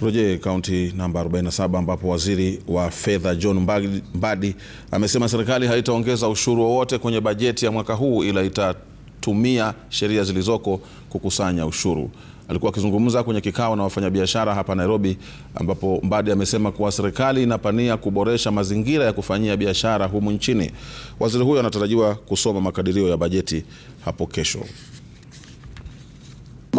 Turejee kaunti namba 47 ambapo waziri wa fedha John Mbadi, Mbadi amesema serikali haitaongeza ushuru wowote kwenye bajeti ya mwaka huu ila itatumia sheria zilizoko kukusanya ushuru. Alikuwa akizungumza kwenye kikao na wafanyabiashara hapa Nairobi, ambapo Mbadi amesema kuwa serikali inapania kuboresha mazingira ya kufanyia biashara humu nchini. Waziri huyo anatarajiwa kusoma makadirio ya bajeti hapo kesho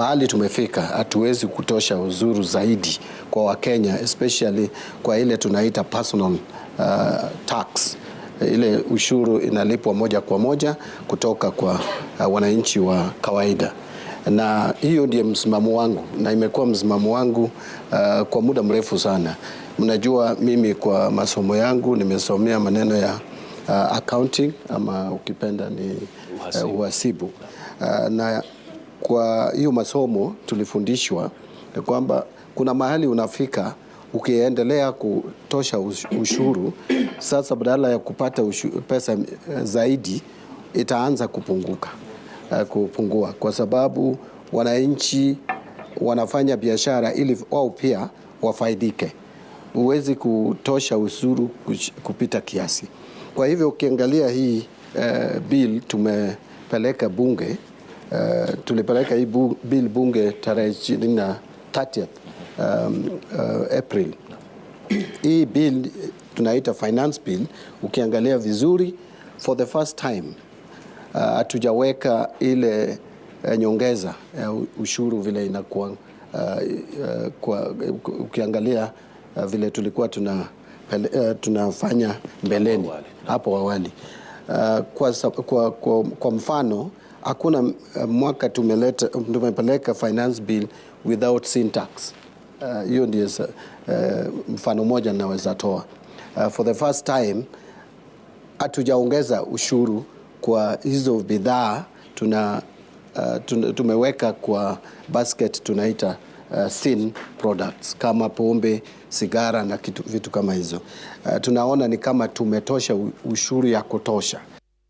mahali tumefika, hatuwezi kutosha uzuru zaidi kwa Wakenya, especially kwa ile tunaita personal uh, tax ile ushuru inalipwa moja kwa moja kutoka kwa uh, wananchi wa kawaida, na hiyo ndiye msimamo wangu na imekuwa msimamo wangu uh, kwa muda mrefu sana. Mnajua mimi kwa masomo yangu nimesomea maneno ya uh, accounting ama ukipenda ni uh, uhasibu, uh, uhasibu. Uh, na kwa hiyo masomo tulifundishwa kwamba kuna mahali unafika ukiendelea kutosha ushuru sasa, badala ya kupata ushuru, pesa zaidi itaanza kupunguka eh, kupungua, kwa sababu wananchi wanafanya biashara ili wao pia wafaidike. Huwezi kutosha ushuru kupita kiasi. Kwa hivyo ukiangalia hii uh, bill tumepeleka bunge Eh, tulipeleka hii bu, bill bunge tarehe ishirini na tatu um, uh, April. Hii bill tunaita finance bill, ukiangalia vizuri for the first time eh, hatujaweka uh, ile uh, nyongeza uh, ushuru vile inakuwa uh, uh, kwa, ukiangalia uh, vile tulikuwa tuna, uh, tunafanya mbeleni hapo awali, hapo awali. Uh, kwa, kwa, kwa, kwa mfano hakuna uh, mwaka tumeleta, tumepeleka finance bill without sin tax. Uh, hiyo uh, ndio uh, mfano mmoja naweza toa. Uh, for the first time hatujaongeza ushuru kwa hizo bidhaa tuna, uh, tumeweka kwa basket tunaita uh, sin products kama pombe, sigara na kitu, vitu kama hizo. Uh, tunaona ni kama tumetosha ushuru ya kutosha.